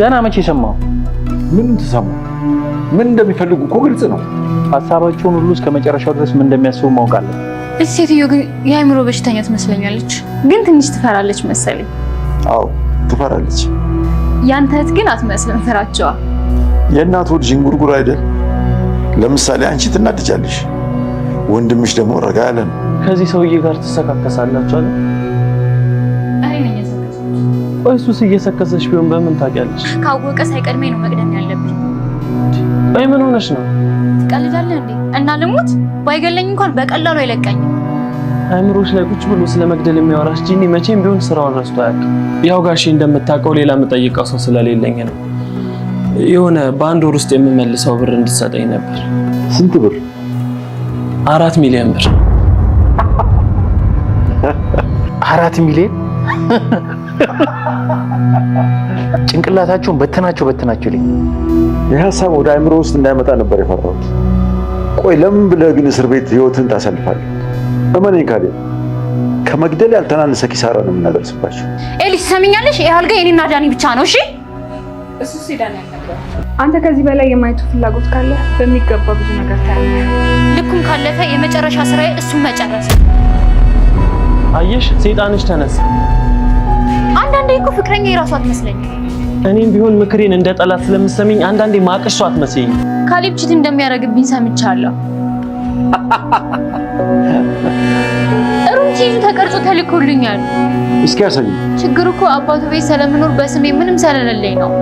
ገና መቼ ሰማው ምን ተሰማው? ምን እንደሚፈልጉ እኮ ግልጽ ነው። ሀሳባቸውን ሁሉ እስከ መጨረሻው ድረስ ምን እንደሚያስቡ ማውቃለን። እዚህ ሴትዮ ግን የአእምሮ በሽተኛ ትመስለኛለች፣ ግን ትንሽ ትፈራለች መሰለኝ። አዎ ትፈራለች። ያንተ እህት ግን አትመስልም፣ ፍራቸዋ የእናት ወድ ዥንጉርጉር አይደል? ለምሳሌ አንቺ ትናድጃለሽ፣ ወንድምሽ ደግሞ ረጋ ያለ ነው። ከዚህ ሰውዬ ጋር ትሰካከሳላችሁ። ቆይ እሱስ ቢሆን በምን ታውቂያለሽ? ካወቀ ሳይቀድመኝ ነው መቅደም ያለብኝ። ቆይ ምን ሆነሽ ነው? ትቀልዳለህ እንዴ? እና ልሙት ባይገለኝ እንኳን በቀላሉ አይለቀኝም። አእምሮሽ ላይ ቁጭ ብሎ ስለ መግደል የሚያወራሽ ጂኒ መቼም ቢሆን ስራውን ረስቶ አያውቅም። ያው ጋሼ እንደምታውቀው ሌላ የምጠይቀው ሰው ስለሌለኝ ነው። የሆነ በአንድ ወር ውስጥ የምመልሰው ብር እንድትሰጠኝ ነበር። ስንት ብር? አራት ሚሊዮን ብር። አራት ሚሊዮን ጭንቅላታቸውን በትናቸው በትናቸው ልኝ ይህ ሀሳብ ወደ አእምሮ ውስጥ እንዳይመጣ ነበር የፈራሁት። ቆይ ለምን ብለህ ግን እስር ቤት ህይወትን ታሳልፋለህ? እመነኝ ካሌ ከመግደል ያልተናነሰ ኪሳራ ነው የምናደርስባቸው። ኤሊስ ትሰሚኛለሽ? ይህ አልጋ የኔና ዳኒ ብቻ ነው። እሺ እሱ ሲዳን አንተ ከዚህ በላይ የማየቱ ፍላጎት ካለ በሚገባ ብዙ ነገር ታያለህ። ልኩም ካለፈ የመጨረሻ ስራዬ እሱን መጨረስ አየሽ፣ ሰይጣንሽ ተነሳ። አንዳንዴ እኮ ፍቅረኛ የራሱ አትመስለኝ። እኔም ቢሆን ምክሬን እንደ ጠላት ስለምሰሚኝ አንዳንዴ ማቅሽ አትመስይኝ። ካሌብ ቺት እንደሚያደርግብኝ ሰምቻለሁ። ሩምቺ ተቀርጾ ተልኮልኛል። እስኪ ያሳይ። ችግሩ እኮ አባቱ ቤት ስለምኖር በስሜ ምንም ስለሌለኝ ነው።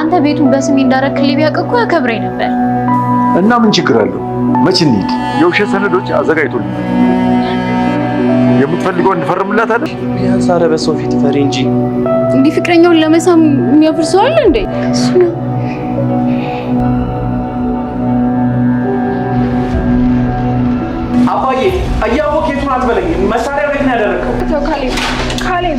አንተ ቤቱን በስሜ እንዳረክልኝ ቢያውቅ እኮ ያከብረኝ ነበር። እና ምን ችግር አለው? መቼ እንሂድ? የውሸት ሰነዶች አዘጋጅቶልኛል። የምትፈልገውን እንፈርምላታለን። ቢያንስ ኧረ በሰው ፊት ፈሪ እንጂ እንዲህ ፍቅረኛውን ለመሳም የሚያፍርሰዋል እንዴ? አባዬ እያወቅ የቱን አትበለኝ። መሳሪያ ቤት ነው ያደረገው። ካሌብ ካሌብ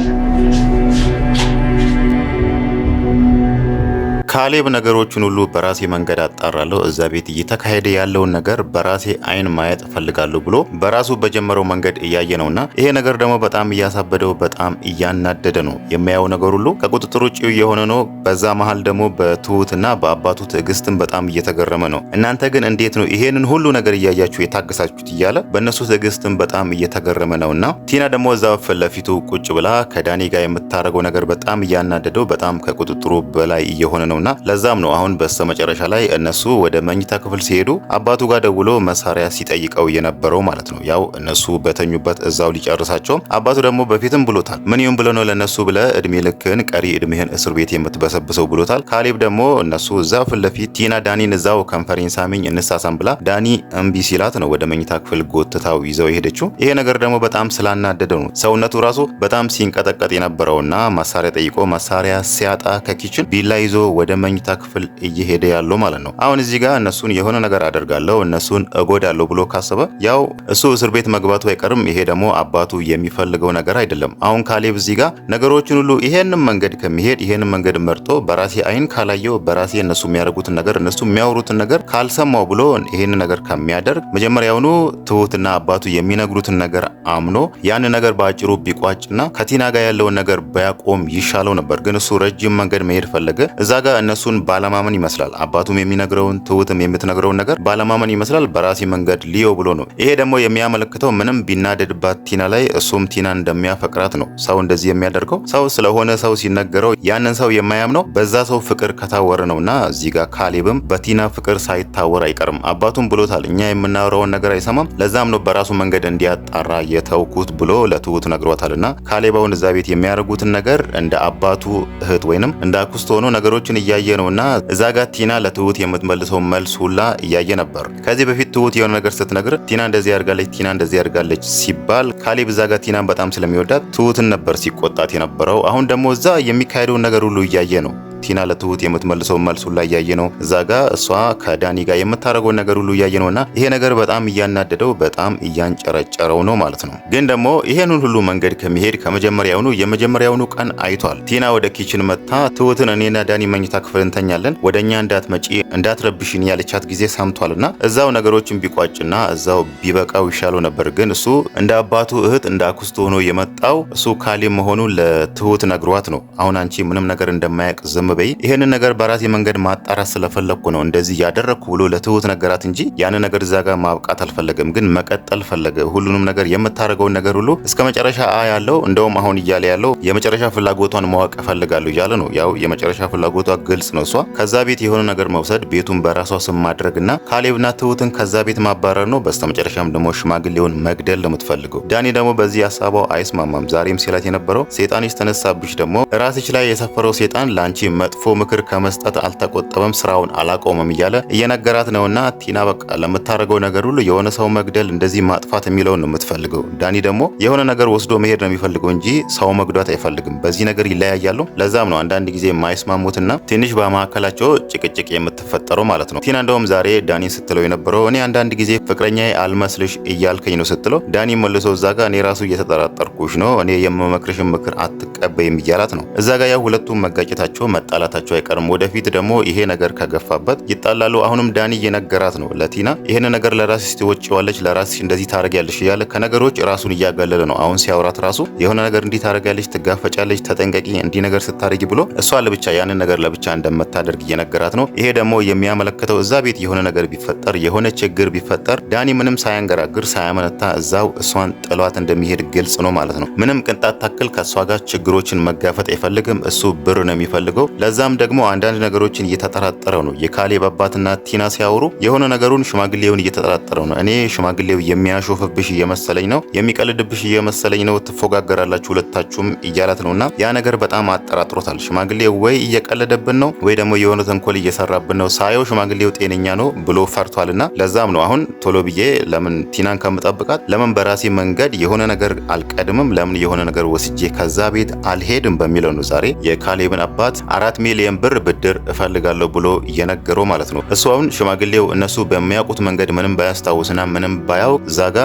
ካሌብ ነገሮችን ሁሉ በራሴ መንገድ አጣራለሁ፣ እዛ ቤት እየተካሄደ ያለውን ነገር በራሴ አይን ማየት ፈልጋለሁ ብሎ በራሱ በጀመረው መንገድ እያየ ነውና ይሄ ነገር ደግሞ በጣም እያሳበደው በጣም እያናደደ ነው። የሚያየው ነገር ሁሉ ከቁጥጥር ውጭ የሆነ ነው። በዛ መሀል ደግሞ በትሁትና በአባቱ ትዕግስትም በጣም እየተገረመ ነው። እናንተ ግን እንዴት ነው ይሄንን ሁሉ ነገር እያያችሁ የታገሳችሁት? እያለ በእነሱ ትዕግስትም በጣም እየተገረመ ነውና ቲና ደግሞ እዛ ፊት ለፊቱ ቁጭ ብላ ከዳኒ ጋር የምታደርገው ነገር በጣም እያናደደው በጣም ከቁጥጥሩ በላይ እየሆነ ነውና ለዛም ነው አሁን በስተመጨረሻ ላይ እነሱ ወደ መኝታ ክፍል ሲሄዱ አባቱ ጋር ደውሎ መሳሪያ ሲጠይቀው የነበረው ማለት ነው። ያው እነሱ በተኙበት እዛው ሊጨርሳቸው አባቱ ደግሞ በፊትም ብሎታል። ምን ይሁን ብሎ ነው ለእነሱ ብለ እድሜ ልክን ቀሪ እድሜህን እስር ቤት የምትበሰብሰው ብሎታል። ካሌብ ደግሞ እነሱ እዛ ፊት ለፊት ቲና ዳኒን እዛው ከንፈሬን አሚኝ እንሳሳም ብላ ዳኒ እምቢ ሲላት ነው ወደ መኝታ ክፍል ጎትታው ይዘው የሄደችው። ይሄ ነገር ደግሞ በጣም ስላናደደው ነው ሰውነቱ ራሱ በጣም ሲንቀጠቀጥ የነበረውና መሳሪያ ጠይቆ መሳሪያ ሲያጣ ከኪችን ቢላ ይዞ ወደ መኝታ ክፍል እየሄደ ያለው ማለት ነው። አሁን እዚህ ጋር እነሱን የሆነ ነገር አደርጋለሁ እነሱን እጎዳለሁ ብሎ ካሰበ ያው እሱ እስር ቤት መግባቱ አይቀርም። ይሄ ደግሞ አባቱ የሚፈልገው ነገር አይደለም። አሁን ካሌብ እዚህ ጋር ነገሮችን ሁሉ ይሄንን መንገድ ከሚሄድ ይሄንን መንገድ መርጦ በራሴ አይን ካላየው በራሴ እነሱ የሚያደርጉትን ነገር እነሱ የሚያወሩትን ነገር ካልሰማው ብሎ ይሄንን ነገር ከሚያደርግ መጀመሪያውኑ ትሁትና አባቱ የሚነግሩትን ነገር አምኖ ያን ነገር በአጭሩ ቢቋጭና ከቲና ጋር ያለውን ነገር ቢያቆም ይሻለው ነበር። ግን እሱ ረጅም መንገድ መሄድ ፈለገ እዛ ጋር እነሱን ባለማመን ይመስላል። አባቱም የሚነግረውን ትሁትም የምትነግረውን ነገር ባለማመን ይመስላል። በራሴ መንገድ ሊዮ ብሎ ነው። ይሄ ደግሞ የሚያመለክተው ምንም ቢናደድባት ቲና ላይ እሱም ቲና እንደሚያፈቅራት ነው። ሰው እንደዚህ የሚያደርገው ሰው ስለሆነ ሰው ሲነገረው ያንን ሰው የማያምነው በዛ ሰው ፍቅር ከታወረ ነው። እና እዚህ ጋር ካሌብም በቲና ፍቅር ሳይታወር አይቀርም። አባቱም ብሎታል፣ እኛ የምናወራውን ነገር አይሰማም። ለዛም ነው በራሱ መንገድ እንዲያጣራ የተውኩት ብሎ ለትሁት ነግሯታል። እና ካሌባውን እዛ ቤት የሚያደርጉትን ነገር እንደ አባቱ እህት ወይንም እንደ አክስት ሆኖ ነገሮችን እያየ እያየ ነው እና እዛ ጋር ቲና ለትሁት የምትመልሰው መልስ ሁላ እያየ ነበር። ከዚህ በፊት ትሁት የሆነ ነገር ስትነግር ቲና እንደዚህ ያርጋለች፣ ቲና እንደዚህ ያርጋለች ሲባል ካሌብ እዛ ጋር ቲናን በጣም ስለሚወዳት ትሁትን ነበር ሲቆጣት የነበረው። አሁን ደግሞ እዛ የሚካሄደውን ነገር ሁሉ እያየ ነው። ቲና ለትሁት የምትመልሰው መልሱ ላይ እያየ ነው። እዛ ጋ እሷ ከዳኒ ጋር የምታደርገውን ነገር ሁሉ እያየ ነውና ይሄ ነገር በጣም እያናደደው በጣም እያንጨረጨረው ነው ማለት ነው። ግን ደግሞ ይሄንን ሁሉ መንገድ ከሚሄድ ከመጀመሪያውኑ የመጀመሪያውኑ ቀን አይቷል። ቲና ወደ ኪችን መጥታ ትሁትን እኔና ዳኒ መኝታ ክፍል እንተኛለን፣ ወደ እኛ እንዳትመጪ እንዳትረብሽን ያለቻት ጊዜ ሰምቷልና እዛው ነገሮችን ቢቋጭና እዛው ቢበቃው ይሻለው ነበር። ግን እሱ እንደ አባቱ እህት እንደ አክስቱ ሆኖ የመጣው እሱ ካሌብ መሆኑ ለትሁት ነግሯት ነው። አሁን አንቺ ምንም ነገር እንደማያውቅ ዝም በበይ ይሄንን ነገር በራሴ መንገድ ማጣራት ስለፈለግኩ ነው እንደዚህ ያደረግኩ ብሎ ለትሁት ነገራት እንጂ ያን ነገር እዛ ጋር ማብቃት አልፈለገም፣ ግን መቀጠል ፈለገ። ሁሉንም ነገር የምታደርገውን ነገር ሁሉ እስከ መጨረሻ አ ያለው እንደውም አሁን እያለ ያለው የመጨረሻ ፍላጎቷን ማወቅ እፈልጋለሁ እያለ ነው። ያው የመጨረሻ ፍላጎቷ ግልጽ ነው። እሷ ከዛ ቤት የሆነ ነገር መውሰድ፣ ቤቱን በራሷ ስም ማድረግና ካሌብና ትሁትን ከዛ ቤት ማባረር ነው። በስተመጨረሻም ደግሞ ሽማግሌውን መግደል ነው የምትፈልገው። ዳኒ ደግሞ በዚህ ሀሳቧ አይስማማም። ዛሬም ሲላት የነበረው ሴጣንሽ ተነሳብሽ፣ ደግሞ ራስሽ ላይ የሰፈረው ሴጣን ለአንቺ መጥፎ ምክር ከመስጠት አልተቆጠበም፣ ስራውን አላቆመም እያለ እየነገራት ነውና ቲና በቃ ለምታደርገው ነገር ሁሉ የሆነ ሰው መግደል፣ እንደዚህ ማጥፋት የሚለውን ነው የምትፈልገው። ዳኒ ደግሞ የሆነ ነገር ወስዶ መሄድ ነው የሚፈልገው እንጂ ሰው መግዳት አይፈልግም። በዚህ ነገር ይለያያሉ። ለዛም ነው አንዳንድ ጊዜ የማይስማሙትና ትንሽ በመካከላቸው ጭቅጭቅ የምትፈጠረው ማለት ነው። ቲና እንደውም ዛሬ ዳኒን ስትለው የነበረው እኔ አንዳንድ ጊዜ ፍቅረኛ አልመስልሽ እያልከኝ ነው ስትለው፣ ዳኒ መልሶ እዛ ጋር እኔ ራሱ እየተጠራጠርኩሽ ነው እኔ የምመክርሽን ምክር አትቀበይም እያላት ነው። እዛ ጋ ያው ሁለቱም መጋጨታቸው መጣላታቸው አይቀርም። ወደፊት ደግሞ ይሄ ነገር ከገፋበት ይጣላሉ። አሁንም ዳኒ እየነገራት ነው ለቲና ይሄን ነገር ለራስሽ ትወጪዋለች፣ ለራስሽ እንደዚህ ታደርጊያለሽ እያለ ከነገሮች ራሱን እያገለለ ነው። አሁን ሲያወራት ራሱ የሆነ ነገር እንዲህ ታደርጊያለች፣ ትጋፈጫለች፣ ተጠንቀቂ፣ እንዲህ ነገር ስታደርጊ ብሎ እሷ ለብቻ ያንን ነገር ለብቻ እንደምታደርግ እየነገራት ነው። ይሄ ደግሞ የሚያመለክተው እዛ ቤት የሆነ ነገር ቢፈጠር የሆነ ችግር ቢፈጠር ዳኒ ምንም ሳያንገራግር ሳያመነታ እዛው እሷን ጥሏት እንደሚሄድ ግልጽ ነው ማለት ነው። ምንም ቅንጣት ታክል ከእሷ ጋር ችግሮችን መጋፈጥ አይፈልግም። እሱ ብር ነው የሚፈልገው። ለዛም ደግሞ አንዳንድ ነገሮችን እየተጠራጠረ ነው። የካሌብ አባትና ቲና ሲያወሩ የሆነ ነገሩን ሽማግሌውን እየተጠራጠረ ነው። እኔ ሽማግሌው የሚያሾፍብሽ እየመሰለኝ ነው፣ የሚቀልድብሽ እየመሰለኝ ነው፣ ትፎጋገራላችሁ ሁለታችሁም እያላት ነው እና ያ ነገር በጣም አጠራጥሮታል። ሽማግሌው ወይ እየቀለደብን ነው ወይ ደግሞ የሆነ ተንኮል እየሰራብን ነው፣ ሳየው ሽማግሌው ጤነኛ ነው ብሎ ፈርቷልና ለዛም ነው አሁን ቶሎ ብዬ ለምን ቲናን ከምጠብቃት ለምን በራሴ መንገድ የሆነ ነገር አልቀድምም፣ ለምን የሆነ ነገር ወስጄ ከዛ ቤት አልሄድም በሚለው ነው ዛሬ የካሌብን አባት አራት ሚሊዮን ብር ብድር እፈልጋለሁ ብሎ እየነገረው ማለት ነው። እሱ አሁን ሽማግሌው እነሱ በሚያውቁት መንገድ ምንም ባያስታውስና ምንም ባያውቅ ዛጋ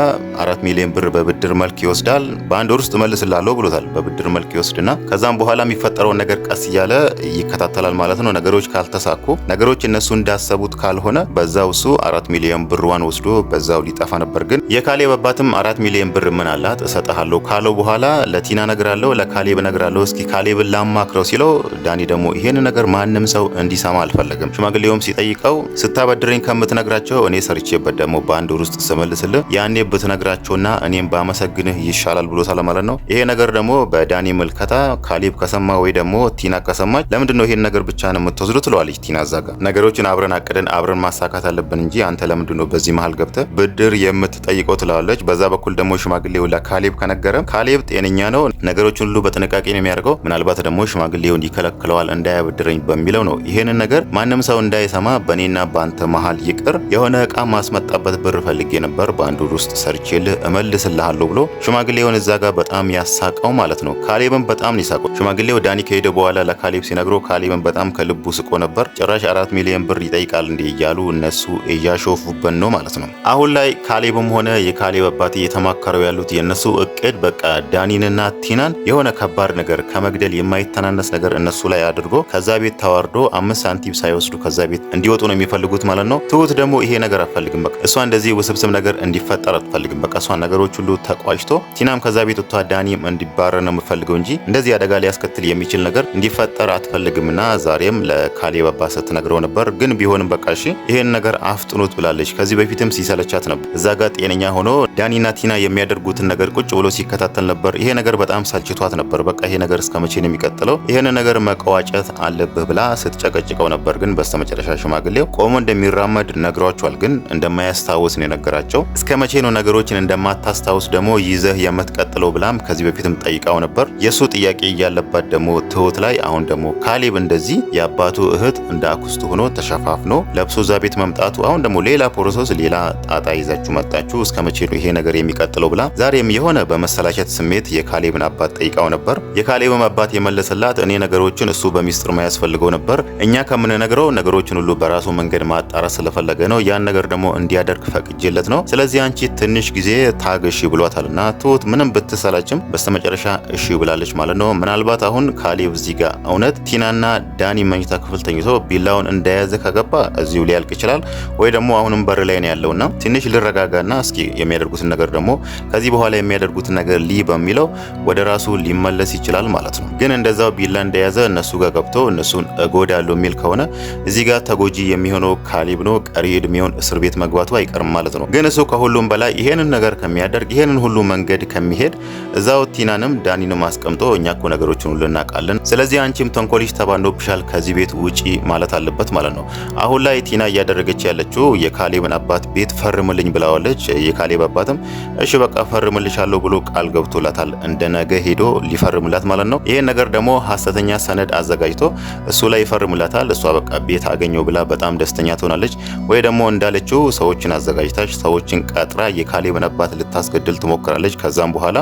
አራት ሚሊዮን ብር በብድር መልክ ይወስዳል። በአንድ ወር ውስጥ መልስላለሁ ብሎታል። በብድር መልክ ይወስድና ከዛም በኋላ የሚፈጠረውን ነገር ቀስ እያለ ይከታተላል ማለት ነው። ነገሮች ካልተሳኩ፣ ነገሮች እነሱ እንዳሰቡት ካልሆነ በዛው እሱ አራት ሚሊዮን ብርዋን ወስዶ በዛው ሊጠፋ ነበር። ግን የካሌብ አባትም አራት ሚሊዮን ብር ምን አላት እሰጥሃለሁ ካለው በኋላ ለቲና ነግራለሁ፣ ለካሌብ ነግራለሁ፣ እስኪ ካሌብን ላማክረው ሲለው ዳኒ ደግሞ ይህን ነገር ማንም ሰው እንዲሰማ አልፈለግም። ሽማግሌውም ሲጠይቀው ስታበድረኝ ከምትነግራቸው እኔ ሰርቼበት ደግሞ በአንድ ወር ውስጥ ስመልስልህ ያኔ ብትነግራቸውና እኔም ባመሰግንህ ይሻላል ብሎታል ማለት ነው። ይሄ ነገር ደግሞ በዳኒ ምልከታ ካሊብ ከሰማ ወይ ደግሞ ቲና ከሰማች ለምንድን ነው ይሄን ነገር ብቻ ነው የምትወስዱ ትለዋለች ቲና ዛጋ። ነገሮችን አብረን አቅደን አብረን ማሳካት አለብን እንጂ አንተ ለምንድን ነው በዚህ መሀል ገብተ ብድር የምትጠይቀው ትለዋለች። በዛ በኩል ደግሞ ሽማግሌው ለካሌብ ከነገረ ካሌብ ጤነኛ ነው፣ ነገሮችን ሁሉ በጥንቃቄ ነው የሚያደርገው። ምናልባት ደግሞ ሽማግሌውን ይከለክለዋል እንዳያበድረኝ በሚለው ነው። ይሄን ነገር ማንም ሰው እንዳይሰማ በእኔና በአንተ መሀል ይቅር፣ የሆነ እቃ ማስመጣበት ብር ፈልጌ ነበር፣ በአንድ ወር ውስጥ ሰርቼልህ እመልስልሃለሁ ብሎ ሽማግሌውን እዛ ጋር በጣም ያሳቀው ማለት ነው። ካሌብን በጣም ነው ሽማግሌው ዳኒ ከሄደ በኋላ ለካሌብ ሲነግሮ ካሌብን በጣም ከልቡ ስቆ ነበር። ጭራሽ አራት ሚሊዮን ብር ይጠይቃል እንዲ እያሉ እነሱ እያሾፉበት ነው ማለት ነው። አሁን ላይ ካሌብም ሆነ የካሌብ አባት እየተማከረው ያሉት የእነሱ እቅድ በቃ ዳኒንና ቲናን የሆነ ከባድ ነገር ከመግደል የማይተናነስ ነገር እነሱ ላይ አድርጎ አድርጎ ከዛ ቤት ተዋርዶ አምስት ሳንቲም ሳይወስዱ ከዛ ቤት እንዲወጡ ነው የሚፈልጉት ማለት ነው። ትሁት ደግሞ ይሄ ነገር አትፈልግም። በቃ እሷ እንደዚህ ውስብስብ ነገር እንዲፈጠር አትፈልግም። በቃ እሷ ነገሮች ሁሉ ተቋጭቶ ቲናም ከዛ ቤት ወጥቷ ዳኒም እንዲባረር ነው የምፈልገው እንጂ እንደዚህ አደጋ ሊያስከትል የሚችል ነገር እንዲፈጠር አትፈልግምና ዛሬም ለካሌብ አባት ስትነግረው ነበር። ግን ቢሆንም በቃ እሺ ይሄን ነገር አፍጥኑት ብላለች። ከዚህ በፊትም ሲሰለቻት ነበር። እዛ ጋር ጤነኛ ሆኖ ዳኒና ቲና የሚያደርጉትን ነገር ቁጭ ብሎ ሲከታተል ነበር። ይሄ ነገር በጣም ሳልችቷት ነበር። በቃ ይሄ ነገር እስከ መቼ ነው የሚቀጥለው? ይሄን ነገር መቀዋጨት መስጠት አለብህ ብላ ስትጨቀጭቀው ነበር። ግን በስተመጨረሻ ሽማግሌው ቆሞ እንደሚራመድ ነግሯቸዋል። ግን እንደማያስታውስ ነው የነገራቸው። እስከ መቼ ነው ነገሮችን እንደማታስታውስ ደግሞ ይዘህ የምትቀጥለው ብላም ከዚህ በፊትም ጠይቃው ነበር። የእሱ ጥያቄ እያለባት ደግሞ ትሁት ላይ አሁን ደግሞ ካሌብ እንደዚህ የአባቱ እህት እንደ አኩስቱ ሆኖ ተሸፋፍኖ ለብሶ እዛ ቤት መምጣቱ አሁን ደግሞ ሌላ ፕሮሰስ፣ ሌላ ጣጣ ይዛችሁ መጣችሁ። እስከ መቼ ነው ይሄ ነገር የሚቀጥለው ብላ ዛሬም የሆነ በመሰላቸት ስሜት የካሌብን አባት ጠይቃው ነበር። የካሌብም አባት የመለሰላት እኔ ነገሮችን እሱ በሚ ሚስጥር መያዝ ነበር። እኛ ከምንነግረው ነገሮችን ሁሉ በራሱ መንገድ ማጣራት ስለፈለገ ነው። ያን ነገር ደግሞ እንዲያደርግ ፈቅጄለት ነው። ስለዚህ አንቺ ትንሽ ጊዜ ታገሺ ብሏታል እና ትሁት ምንም ብትሰላችም በስተመጨረሻ እሺ ብላለች ማለት ነው። ምናልባት አሁን ካሌብ እዚህ ጋር እውነት ቲናና ዳኒ መኝታ ክፍል ተኝቶ ቢላውን እንደያዘ ከገባ እዚሁ ሊያልቅ ይችላል ወይ ደግሞ አሁንም በር ላይ ነው ያለውና ትንሽ ልረጋጋና እስኪ የሚያደርጉትን ነገር ደግሞ ከዚህ በኋላ የሚያደርጉትን ነገር ሊ በሚለው ወደ ራሱ ሊመለስ ይችላል ማለት ነው። ግን እንደዛው ቢላ እንደያዘ እነሱ ጋር ገብቶ እነሱን እጎዳለሁ የሚል ከሆነ እዚህ ጋር ተጎጂ የሚሆነው ካሊብ ነው። ቀሪ እድሜውን እስር ቤት መግባቱ አይቀርም ማለት ነው። ግን እሱ ከሁሉም በላይ ይሄንን ነገር ከሚያደርግ ይሄንን ሁሉ መንገድ ከሚሄድ እዛው ቲናንም ዳኒንም አስቀምጦ እኛ ኮ ነገሮችን ሁሉ እናውቃለን፣ ስለዚህ አንቺም ተንኮልሽ ተባንዶብሻል፣ ከዚህ ቤት ውጪ ማለት አለበት ማለት ነው። አሁን ላይ ቲና እያደረገች ያለችው የካሌብን አባት ቤት ፈርምልኝ ብላዋለች። የካሌብ አባትም እሺ በቃ ፈርምልሻለሁ ብሎ ቃል ገብቶላታል። እንደ ነገ ሄዶ ሊፈርምላት ማለት ነው። ይሄን ነገር ደግሞ ሀሰተኛ ሰነድ አዘጋ አዘጋጅቶ እሱ ላይ ይፈርምላታል። እሷ በቃ ቤት አገኘው ብላ በጣም ደስተኛ ትሆናለች። ወይ ደግሞ እንዳለችው ሰዎችን አዘጋጅታች ሰዎችን ቀጥራ የካሌብን አባት ልታስገድል ትሞክራለች። ከዛም በኋላ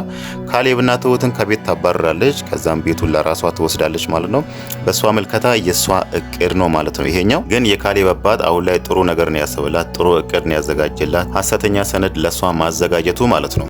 ካሌብና ትሁትን ከቤት ታባርራለች። ከዛም ቤቱን ለራሷ ትወስዳለች ማለት ነው። በእሷ ምልከታ የእሷ እቅድ ነው ማለት ነው። ይሄኛው ግን የካሌብ አባት አሁን ላይ ጥሩ ነገር ነው ያሰበላት፣ ጥሩ እቅድ ነው ያዘጋጀላት፣ ሀሰተኛ ሰነድ ለእሷ ማዘጋጀቱ ማለት ነው።